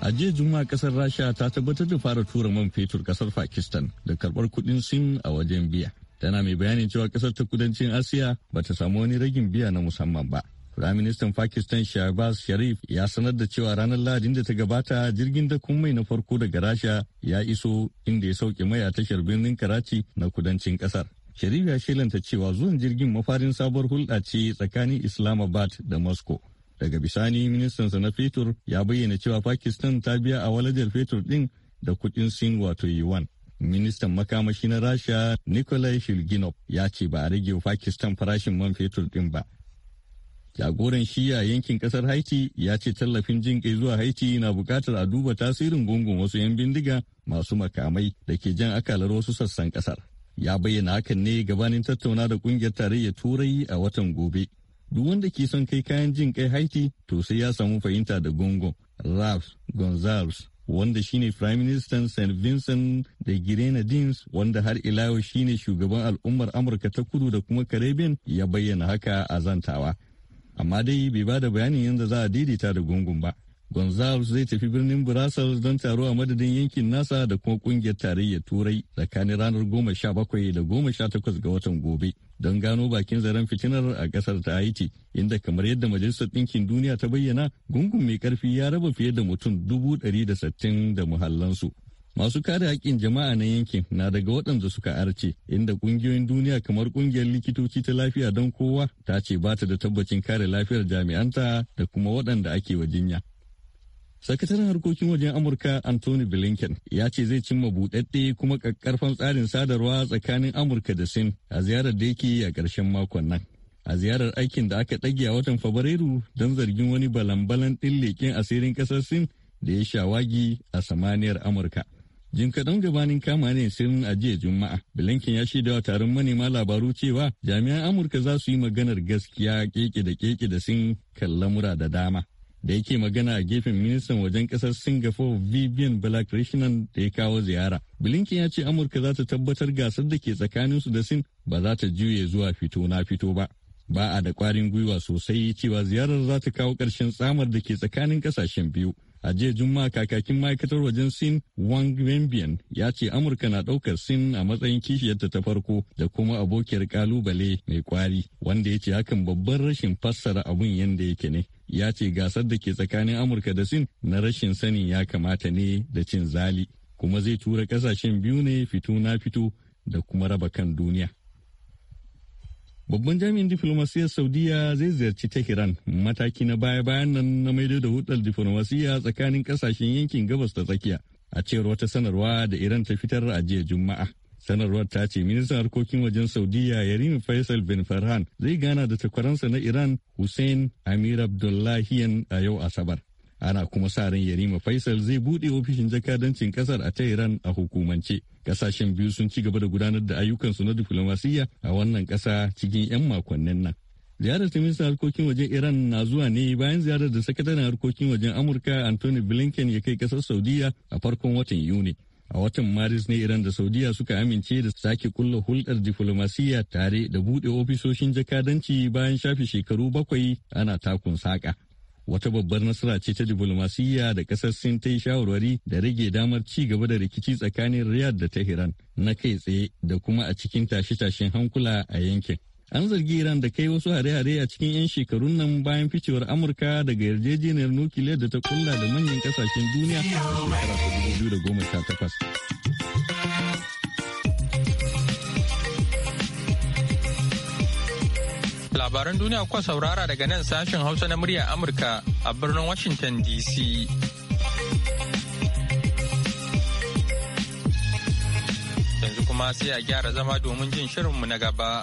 a jiya juma'a kasar rasha ta tabbatar da fara tura man fetur kasar pakistan da karbar kudin sin a wajen biya tana mai bayanin cewa kasar ta kudancin asiya ba ta samu wani ragin biya na musamman ba Firaministan Pakistan Shahbaz Sharif ya sanar da cewa ranar Lahadin da ta gabata jirgin dakun mai na farko daga Rasha ya iso inda ya sauke mai a tashar birnin Karachi na kudancin kasar. Sharif ya shelanta cewa zuwan jirgin mafarin sabuwar hulɗa ce tsakanin Islamabad da Moscow. Daga bisani ministan sa na fetur ya bayyana cewa Pakistan ta biya a waladar fetur ɗin da kudin Sin wato yuan. Ministan makamashi na Rasha Nikolai Shilginov ya ce ba a rage Pakistan farashin man fetur ɗin ba. Jagoran shiya yankin kasar Haiti ya ce tallafin jin kai zuwa Haiti na bukatar a duba tasirin gungun wasu 'yan bindiga masu makamai da ke jan akalar wasu sassan kasar. Ya bayyana hakan ne gabanin tattauna da kungiyar tarayyar Turai a watan gobe duk wanda ke son kai kayan jin kai haiti to sai ya samu fahimta da gongo ralph gonzales wanda shine prime minister st vincent da grenadines wanda har ila shine shugaban al'ummar amurka ta kudu da kuma caribbean ya bayyana haka a zantawa amma dai bai ba da bayanin yadda za a daidaita da gungun ba Gonzalez zai tafi birnin Brussels don taro a madadin yankin nasa da kuma kungiyar tarayyar Turai tsakanin ranar goma sha bakwai da goma sha takwas ga watan gobe don gano bakin zaren fitinar a kasar ta Haiti inda kamar yadda Majalisar Ɗinkin Duniya ta bayyana gungun mai karfi ya raba fiye da mutum dubu 160 da sittin da muhallansu. Masu kare haƙƙin jama'a na yankin na daga waɗanda suka arce inda ƙungiyoyin duniya kamar ƙungiyar likitoci ta lafiya don kowa ta ce ba ta da tabbacin kare lafiyar jami'anta da kuma waɗanda ake wa jinya. Sakataren harkokin wajen Amurka Anthony Blinken ya ce zai cimma buɗaɗɗe kuma ƙaƙƙarfan tsarin sadarwa tsakanin Amurka da Sin a ziyarar da yake a ƙarshen makon nan. A ziyarar aikin da aka ɗage a watan Fabrairu don zargin wani balan-balan ɗin leƙen asirin ƙasar Sin da ya shawagi a samaniyar Amurka. Jin kaɗan gabanin kama ne sirrin a jiya Juma'a, Blinken ya shaida wa taron manema labaru cewa jami'an Amurka za su yi maganar gaskiya keke da keke da sin kan lamura da dama. da yake magana a gefen ministan wajen kasar singapore vivian balakrishnan da ya kawo ziyara blinken ya ce amurka za ta tabbatar gasar da ke tsakaninsu da sin ba za ta juye zuwa fito na fito ba ba a da kwarin gwiwa sosai cewa ziyarar za ta kawo ƙarshen tsamar da ke tsakanin ƙasashen biyu a jiya juma'a kakakin ma'aikatar wajen sin wang wenbian ya ce amurka na ɗaukar sin a matsayin kishiyarta ta farko da kuma abokiyar kalubale mai kwari wanda ya ce hakan babban rashin fassara abun yadda yake ne ya ce gasar da ke tsakanin amurka da sin na rashin sani ya kamata ne da cin zali kuma zai tura kasashen biyu ne fito na fito da kuma raba kan duniya babban jami'in diflomasiyyar saudiya zai ziyarci tehran mataki na baya-bayan nan na maido da hudar diflomasiyya tsakanin kasashen yankin gabas ta tsakiya a cewar wata sanarwa da iran ta fitar a jiya juma'a sanarwar ta ce ministan harkokin wajen saudiya yarima faisal bin farhan zai gana da takwaransa na iran hussein amir abdullahian a yau asabar ana kuma sa ran yarima faisal zai bude ofishin jakadancin kasar a tehran a hukumance kasashen biyu sun ci gaba da gudanar da ayyukansu na diflomasiyya a wannan kasa cikin 'yan makonnin nan ziyarar ministan harkokin wajen iran na zuwa ne bayan ziyarar da sakataren harkokin wajen amurka anthony blinken ya kai kasar saudiya a farkon watan yuni a watan maris ne iran da saudiya suka amince da sake kulla hulɗar diflomasiyya tare da buɗe ofisoshin jakadanci bayan shafe shekaru bakwai ana takun saƙa wata babbar nasara ce ta diflomasiyya da ƙasar sin ta yi shawarwari da rage damar ci gaba da rikici tsakanin riyadh da tehran na kai tsaye da kuma a cikin tashe-tashen hankula a yankin an zargi Iran da kai wasu hare-hare a cikin 'yan shekarun nan bayan ficewar Amurka daga yarjejeniyar nukiliyar da ta kulla da manyan kasashen duniya Labaran duniya kuwa saurara daga nan sashen Hausa na murya Amurka a birnin Washington DC. Yanzu kuma sai a gyara zama domin jin shirinmu na gaba.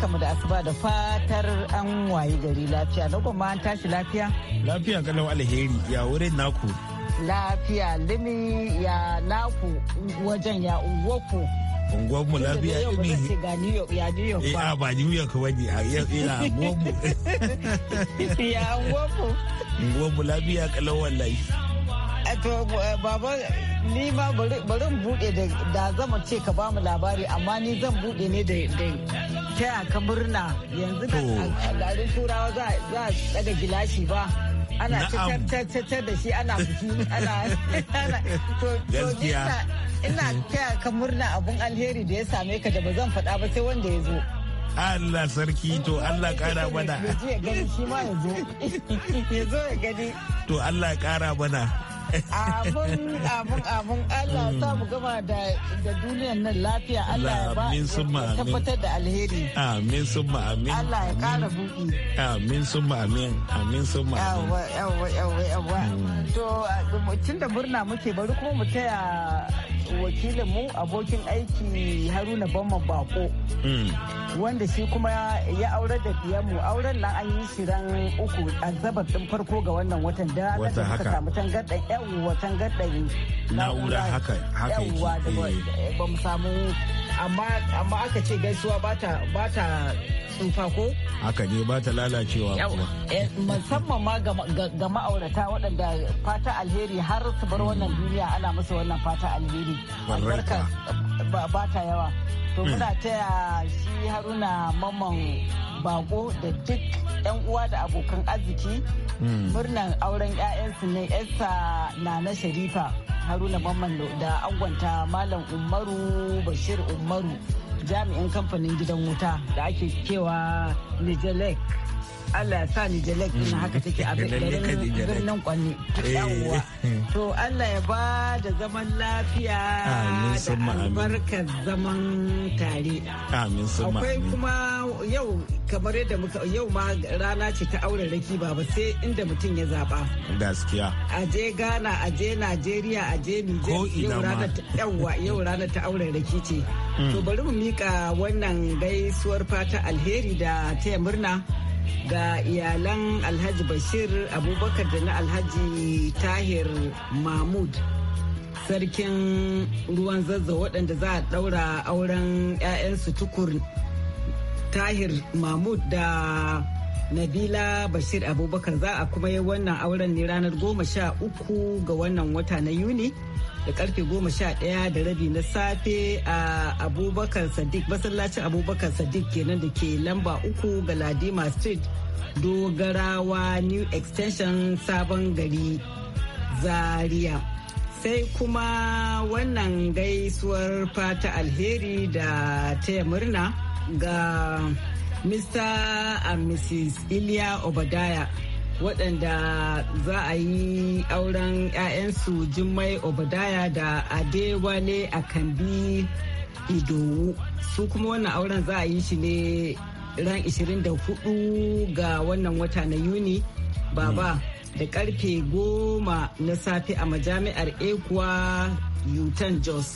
barkamu da asuba da fatar an waye gari lafiya na kuma an tashi lafiya lafiya galau alheri ya wurin naku lafiya limi ya naku wajen ya unguwaku unguwarmu lafiya limi ga new york ya new york eh, ba ni new york wani a ila unguwarmu ya unguwarmu unguwarmu lafiya kalau wallahi eh, to eh, baba ni ma bari bari bude da zama ce ka ba mu labari amma ni zan bude ne da taya ka murna yanzu da al'adun turawa za a daga gilashi ba ana tattatar da shi ana buki ana to ina taya ka murna abun alheri da ya same ka da ba zan faɗa ba sai wanda ya zo Allah sarki to Allah kara mana. Ya zo ya gani. To Allah kara mana. Abun abun abun Allah ya samu gama da duniyar nan lafiya Allah ya ba tabbatar da alheri. Amin summa amin. Allah ya kara buɗi. Amin summa amin. Amin summa amin. Yawwa yawwa yawwa. Hmm. To tun da murna muke bari kuma mu taya wakilinmu abokin aiki haruna bamma bako hmm. wanda shi kuma ya aure da diyanmu auren nan an yi shirin uku a zabar din farko ga wannan watan da wata haka samu tangardan yawa tangardan na'ura haka haka yake eh. ba mu samu amma aka ce gaisuwa ba ta tsufa ko? Haka ne ba ta lalacewa kuma. Eh, musamman ma ga ma'aurata waɗanda fata alheri har su bar wannan duniya ana musu wannan fata alheri. Albarka ba ta yawa. To hmm. muna taya shi haruna mamman bako da duk 'yan uwa da abokan arziki hmm. murnan auren 'ya'yansu ne Esther na na Sharifa. haruna mamman da angonta malam umaru bashir umaru jami'in kamfanin gidan wuta da ake kewa nijelek Allah ya sa ni jalek ina haka take a mm. birnin kwanne eh. yawwa to Allah ya ba da zaman lafiya da albarkar zaman tare amin akwai kuma yau kamar yadda muka yau ma rana ce ta auren raki ba sai inda mutum ya zaba gaskiya a je Ghana a je Najeriya a je Niger yau rana ta yawwa yau rana ta auren raki ce mm. to bari mu mika wannan gaisuwar fata alheri da taya murna ga iyalan alhaji bashir abubakar da na alhaji tahir mahmud sarkin ruwan zazza waɗanda za a ɗaura auren 'ya'yansu tukur tahir mahmud da nabila bashir abubakar za a kuma yi wannan auren ne ranar goma sha uku ga wannan wata na yuni da karfe goma sha ɗaya da rabi na safe a abubakar sadiq masallacin abubakar sadiq kenan da ke lamba uku ga ladima street dogarawa new extension sabon gari zaria sai kuma wannan gaisuwar fata alheri da taya murna ga mr and mrs iliya obadaya waɗanda za a yi auren 'ya'yansu Jummai Obadaya da Adewale kambi Idowu. Su kuma wannan auren za a yi shi ne ran 24 ga wannan wata na Yuni. Baba hmm. da karfe goma na safe a majami'ar Ekuwa Utan Jos.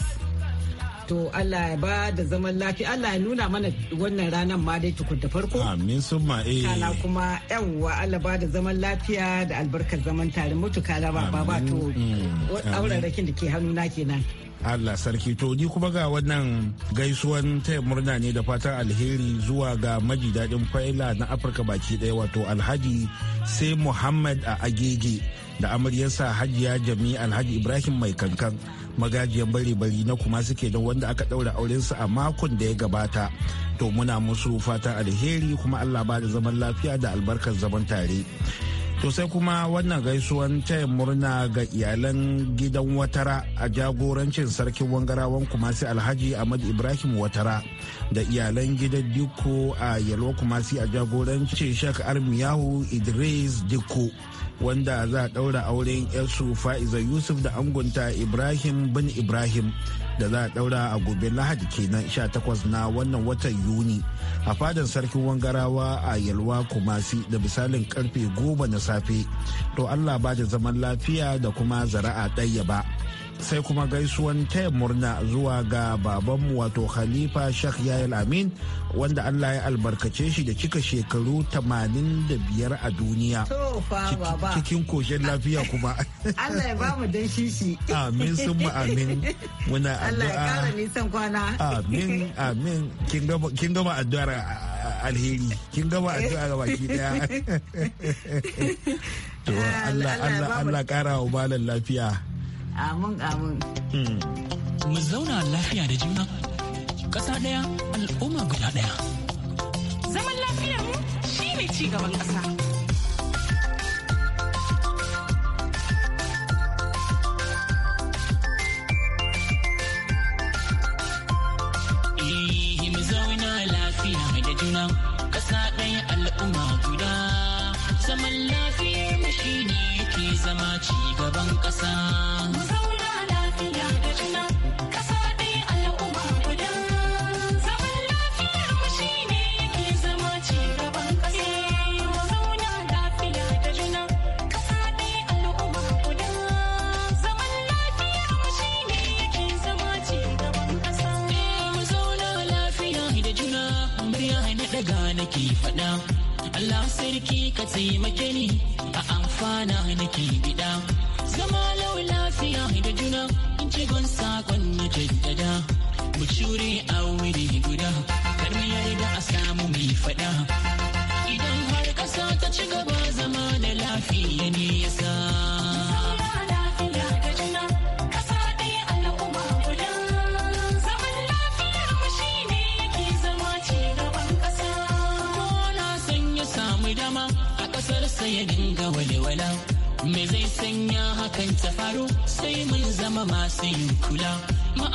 to Allah ya ba da zaman lafiya Allah ya nuna mana wannan ranar ma dai tukun da farko amin ma eh kana kuma yawwa Allah ba da zaman lafiya da albarkar zaman tare mutuka raba ba ba to mm, auren rakin da ke hannu na kenan Allah sarki to ni kuma ga wannan gaisuwan taya murna ne da fatan alheri zuwa ga maji daɗin faila na Afirka baki ɗaya wato Alhaji sai Muhammad a Agege da amaryarsa Hajiya Jami Alhaji Ibrahim Mai Kankan. magajiyan bari-bari na kuma suke da wanda aka ɗaura aurensu a makon da ya gabata to muna musu fata alheri kuma allah ba da zaman lafiya da albarkar zaman tare to sai kuma wannan gaisuwan taya murna ga iyalan gidan watara a jagorancin sarkin wangarawan kumasi alhaji ahmad ibrahim watara da iyalan gidan dikko a yalwa kumasi a jagorancin shek armiyahu idris diko wanda za a daura auren yarsu fa'iza yusuf da angunta ibrahim bin ibrahim da za a daura a gobe lahadi kenan 18 na wannan watan yuni a fadan sarkin wangarawa a yalwa kumasi da misalin karfe goma na safe to allah ba da zaman lafiya da kuma zara'a ɗaya ba sai kuma gaisuwan taya murna zuwa ga babanmu wato khalifa sheikh yayil amin wanda allah ya albarkace shi da cika shekaru 85 a duniya cikin koshin lafiya kuma allah ya bamu dan shishi amin sun mu amin muna addu'a amin amin kin gama addu'ar alheri kin gama addu'a ga baki daya to ah, allah allah allah kara wa malam lafiya amin amin hmm. mu zauna lafiya da juna ƙasa ɗaya al'umma guda ɗaya zaman lafiyar mu shi ci gaban ƙasa eh, zaman lafiyar mu ne yake zama ci gaban ƙasa.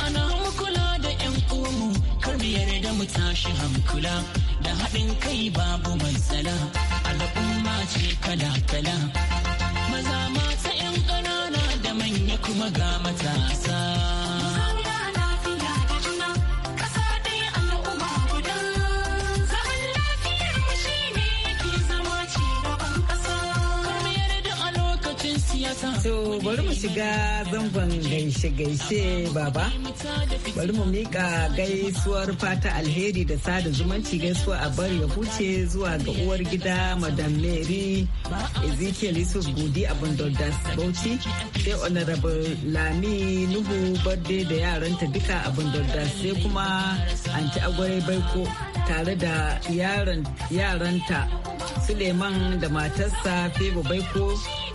Ana mu kula da 'yan uwanmu kar mu yarda mu tashi hankula da haɗin kai babu matsala al'umma ce kala-kala maza mata 'yan ƙanana da manya kuma ga matasa To bari mu shiga zangon gaishe-gaishe baba. Bari mu miƙa gaisuwar fata alheri da sada zumunci gaisuwa a bar ya huce zuwa ga uwar gida Madam Mary Ezekiel Yusuf Gudi a Bundodas Bauchi. Sai Honorable Lami Nuhu Barde da yaranta duka a Bundodas sai kuma Anti Agwai Baiko tare da yaranta suleiman da matarsa febo ko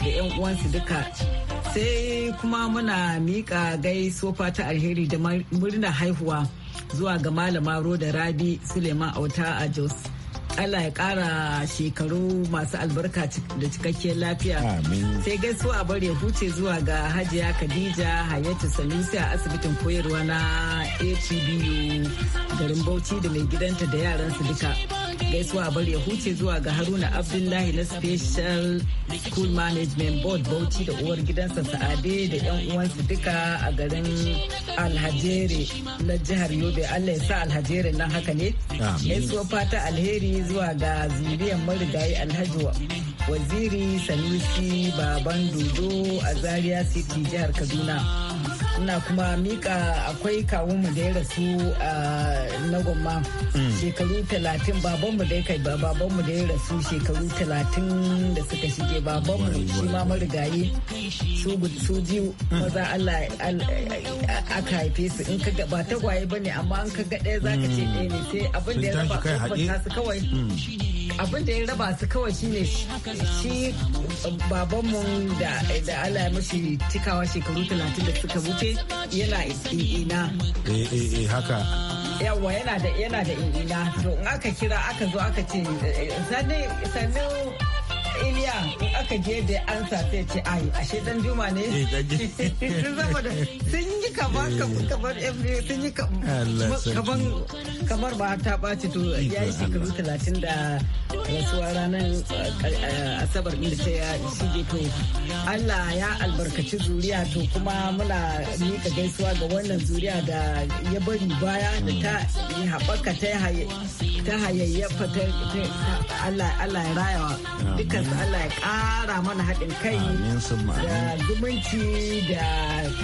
da 'yan uwansu duka sai kuma muna miƙa gaisofa ta alheri da murnar haihuwa zuwa ga malama roda rabi suleiman auta a jos Allah ya ƙara shekaru masu albarka da cikakkiyar lafiya. Sai gaisuwa a ya huce zuwa ga Hajiya Khadija Hayatu Sanusi a asibitin koyarwa na ATBU garin Bauchi da mai gidanta da yaransu duka. gaisuwa bari ya huce zuwa ga haruna abdullahi na special school management board bauchi da uwar gidansa sa'ade da yan uwansu duka a garin alhajere na jihar yobe allah ya sa alhajere nan haka ne gaisuwa fata alheri zuwa ga zuriyar marigayi alhaji waziri sanusi baban dodo a zaria city jihar kaduna ina kuma mika akwai kawunmu da ya rasu na gwamma hmm. shekaru talatin babanmu da ya kai babanmu da ya rasu shekaru talatin da suka shige babanmu shi ma marigayi su ji hmm. maza Allah aka haife su in ka ba tagwaye ba ne amma an ka ga ɗaya za ka ce hmm. ɗaya ne sai abin da ya raba su kawai abin da ya raba su kawai shine shi babanmu da Allah ya mashi cikawa shekaru talatin da suka wuce yana ina. Eh, eh, eh, haka. Yawa yana da ina to in aka kira aka zo aka ce sannu Iliya aka je da an safe ce ai ashe dan juma ne. Eh, Saboda sun yi kamar kamar eh, sun yi kamar kamar ba ta ɓaci to ya yi shekaru talatin da rasuwa ranar eh, asabar ɗin da ta ya shige to Allah ya albarkaci zuriya to kuma muna mika gaisuwa ga wannan zuriya da ya bari baya da ta haɓaka ta hayayyafa ta Allah ya raya dukkan Allah ya ƙara mana haɗin kai da zumunci da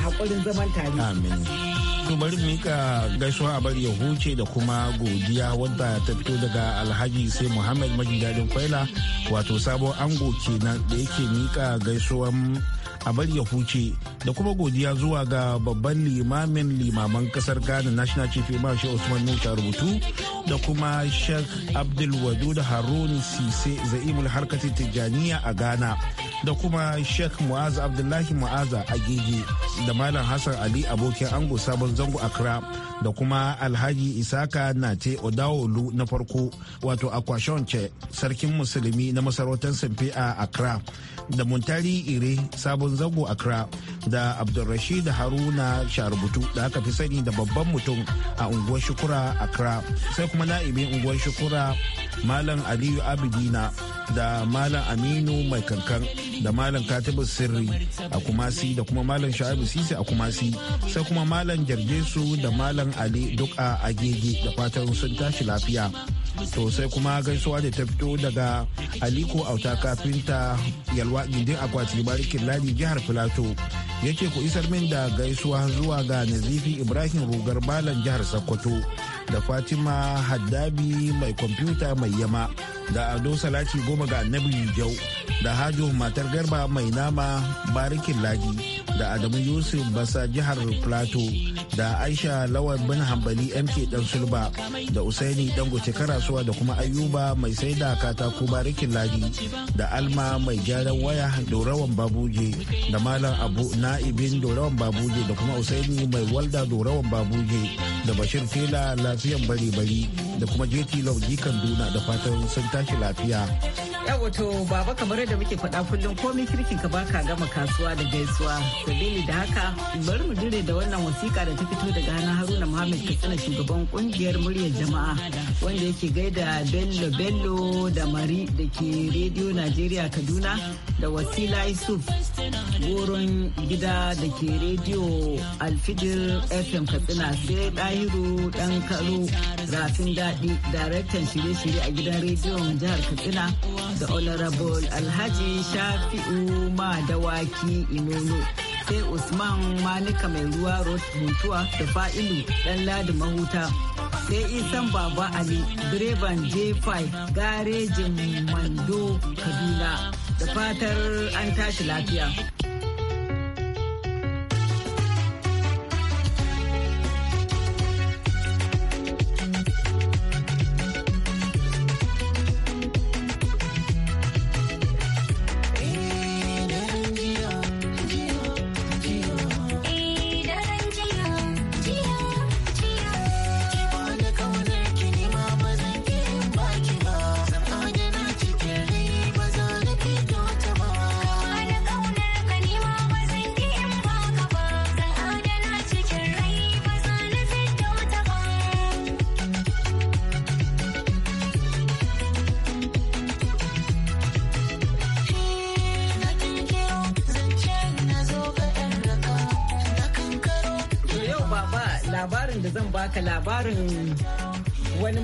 haƙurin zaman tare. Amin. To bari mu mika gaisuwa a bari ya huce da kuma godiya wadda ta fito daga Alhaji sai Muhammad dadin faila wato sabo ango kenan da yake mika gaisuwan a bari ya huce da kuma godiya zuwa ga babban limamin limaman kasar Ghana National Chief Imam shi Usman Musa rubutu da kuma Sheikh Abdul Wadud haruni Sise Zaimul harkati tijaniya a Ghana. da kuma sheikh mu'az abdullahi mu'aza a gege da malam hassan ali abokin ango sabon zango accra da kuma alhaji isaka nate odawolu na farko wato akwashonce sarkin musulmi na masarautar sanfe a accra da muntari ire sabon zango accra da abdulrashid haruna sharubutu da aka fi sani da babban mutum a unguwar shukura accra sai kuma na'ibin unguwar shukura malam aliyu abidina da malam aminu mai kankan da malam katibu sirri a kumasi da kuma malam sha'abu sisi a kumasi sai kuma malam jam su da Malam Ali Duka Agege da fatan sun tashi lafiya. To sai kuma gaisuwa da ta fito daga Aliko Auta kafinta Yalwa Gindin Akwati Barikin Ladi Jihar Filato. Yake ku isar min da gaisuwa zuwa ga Nazifi Ibrahim Rugar balan Jihar Sokoto da Fatima Haddabi mai kwamfuta mai yama da Ado Salati Goma ga Annabi Jau da Hajo Matar Garba mai nama Barikin Ladi. da Adamu Yusuf Basa jihar Plateau da Aisha Lawan bin Hambali MK Dan Sulba da Usaini Dangote Karasuwa da kuma Ayuba mai sai da katako barikin ladi da Alma mai gyaran waya Dorawan Babuje da Malam Abu Na'ibin Dorawan Babuje da kuma Usaini mai walda Dorawan Babuje da Bashir Fela lafiyan bari bari da kuma jeti Love kaduna da fatan sun tashi lafiya. wato baba kamar da muke faɗa kullum komai kirkin ka baka gama kasuwa da gaisuwa dalili da haka bari mu dire da wannan wasiƙa da ta fito daga na haruna muhammad katsina shugaban kungiyar muryar jama'a wanda yake gaida bello bello da mari da ke rediyo najeriya kaduna da wasila isuf goron gida da ke rediyo alfijir fm katsina sai ɗahiru ɗan karo rafin daɗi daraktan shirye-shirye a gidan rediyon jihar katsina da honorable alhaji shafi'u ma waki inono sai usman manika mai ruwa mutuwa da fa'ilu ɗan ladi mahuta sai isan baba ali direban j5 garejin mando kabila. fatar an tashi lafiya.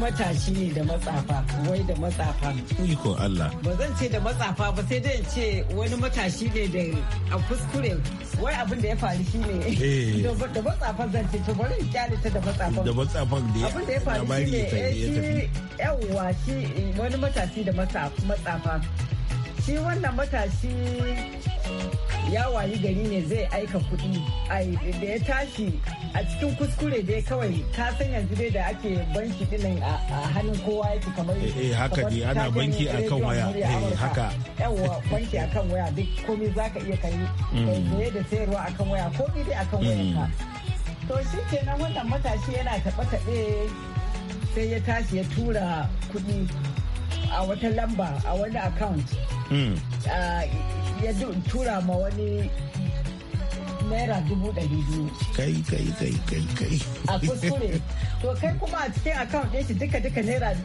matashi ne da matsafa wai da matsafa ikon Allah ba zan ce da matsafa ba sai dai ce wani matashi ne da a kuskure wai abin da ya faru shi ne eh. da matsafan zan ce to bari in kyale ta da matsafan da matsafan da abin da ya faru shi ne yawwa eh, shi wani matashi da matsafa shi wannan matashi ya wayi gari ne zai aika kuɗi da ya tashi a cikin kuskure dai kawai ka san yanzu dai da ake banki dinnan a hannun kowa yake kamar eh, eh haka dai ana banki kan waya eh haka yawa banki akan waya duk komai zaka iya mm. kai da da sayarwa akan waya komai dai akan waya mm. to shi kenan wannan matashi yana taɓa taɓe sai ya tashi ya tura kuɗi a wata lamba a wani account mm. ah, ya tura ma wani naira dubu ɗari biyu. Kai kai kai kai kai. A kuskure. To kai kuma a cikin account ɗin shi duka duka naira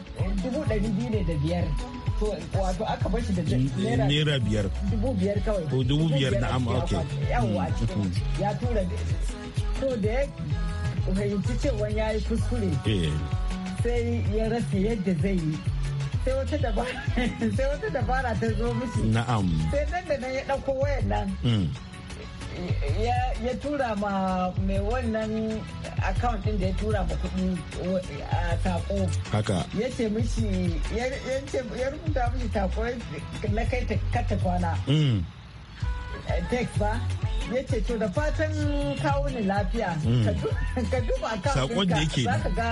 dubu ɗari biyu ne da biyar. To wato aka bar shi da naira. biyar. Dubu biyar kawai. To dubu biyar na amma ok. Yawwa mm, mm, mm. ya tura. To da ya fahimci cewa ya yi kuskure. Eh. Sai ya rasa yadda zai yi. sai wata dabara sai wata dabara ta zo mishi na'am sai nan da nan ya dauko wayan nan mm. ya tura ma mai wannan account din da ya tura ma kudi a tako haka ya ce mishi ya rubuta mishi tako na kai ta kata kwana mm. eh, text ba ya ce to da fatan kawo ni lafiya mm. ka duba account ka za ka ga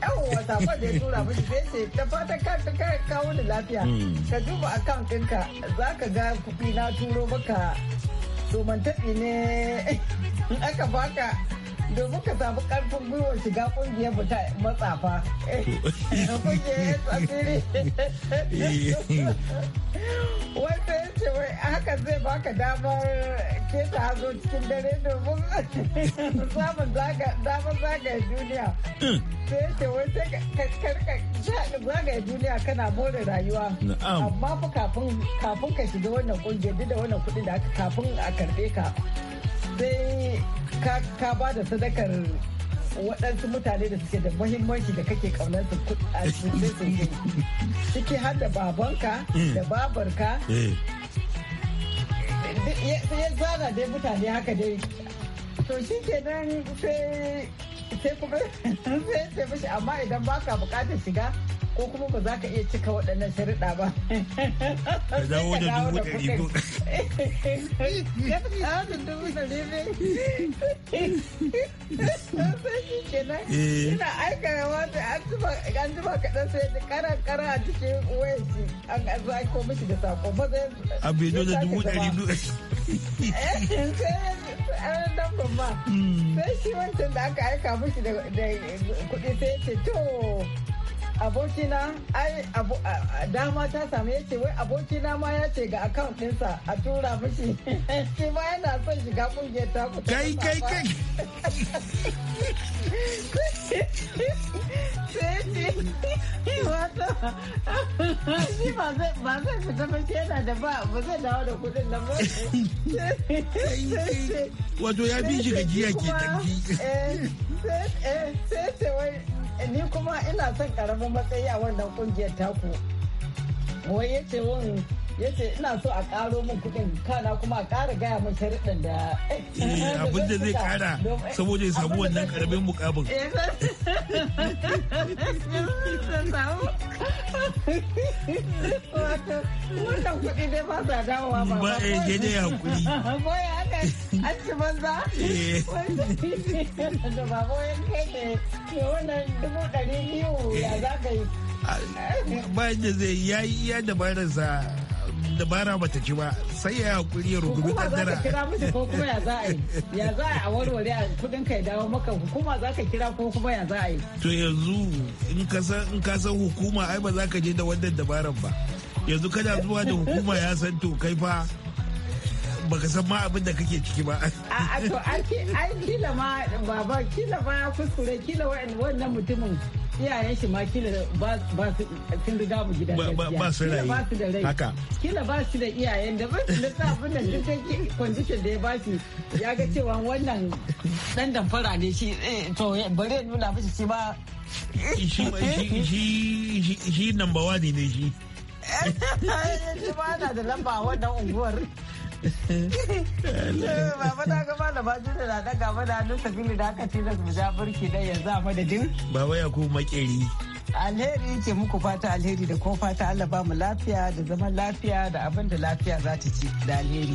yawon sakon da ya tura mishi sai ce ta fata ka kawo ni lafiya hmm. ka duba akan ɗinka za ka ga kuɗi na turo maka domin taɓi ne in aka baka domin ka samu karfin gwiwar shiga ƙungiyar mu ta matsafa kungiyar tsafiri wanda ya ce wai haka zai baka damar sai ta hazo cikin dare domin samun damar zagaya duniya. Hmm. Sai ce wai zagaya duniya kana more rayuwa. Amma fa kafin ka shiga wannan kungiyar duk da wannan kuɗi da kafin a karbe ka. Sai ka ba da sadakar waɗansu mutane da suke da muhimmanci da kake kaunar su a cikin ciki har da babanka hmm. da babarka eh. sai ya zana dai mutane haka dai to shi kenan sai sai kuma sai ce mishi amma idan baka bukatar shiga ko kuma ba za ka iya cika waɗannan sharuɗa ba. Ka dawo da dubu ɗari ko. ka da dubu ɗari da an zuba an zuba kaɗan sai da kara a cikin wayansu a da dubu ɗari eh, hmm. Sai shi wancan da aka aika mishi da kuɗi sai ce to abokina ai dama ta samu yace wai abokina ma ya ce ga account ɗinsa a tura mishi shi ma yana son shiga kungiyar ta ku kai kai kai sai ce wata shi ba zai fita ba shi yana da ba ba zai dawo da kudin da ba wato ya bi shi giya ke tafi eh, eh, sai ce wai ni kuma ina son karamin matsayi a wannan kungiyar taku wai ya ce wani ya ce ina so a karo min kudin kana kuma a kara gaya min sharuɗin da eh, abin da zai kara saboda ya samu wannan karamin mukabin eh, Wato, wannan kuɗi dai ba sa dawowa ba. Ba eh, a yi dai hakuri. Boye aka an ci banza? Eh. ba boye kai wannan dubu ɗari biyu ya za ka yi. Ba yadda zai yi ya dabararsa. dabara bata ci ba sai ya hakuri ya rugumi kaddara hukuma za ka kira ko kuma ya za a yi ya za a warware a kudin ka ya dawo maka hukuma za ka kira ko kuma ya za a yi to yanzu in ka san in ka san hukuma ai ba za ka je da wannan dabaran ba yanzu kana zuwa da hukuma ya san to kai fa baka san ma abin da kake ciki ba. A to ai kila ma baba kila ma kuskure kila wannan mutumin iyayen shi ma kila ba sun riga mu gida ba ba su da rai haka kila ba su da iyayen da ba su da abin da duk take condition da ya ba shi ya ga cewa wannan dan damfara ne shi eh, to bare nuna mishi shi ba shi shi number 1 ne shi shi ba na da lamba wannan unguwar Baba ta ga malama da na daga mana hannun sabili da aka tilas mu ja burki da yanzu a madadin. Baba ya ku makeri. alheri ke muku fata alheri da ko fata Allah ba mu lafiya da zaman lafiya da abin da lafiya za ta ci da alheri.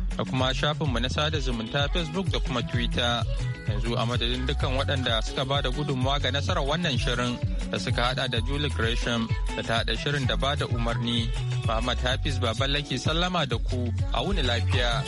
da kuma mu na sada zumunta facebook da kuma twitter yanzu a madadin dukkan waɗanda suka ba da gudunmawa ga nasarar wannan shirin da suka hada da julie gresham da ta hada shirin da ba da umarni muhammad hafiz baballaki sallama da ku a wuni lafiya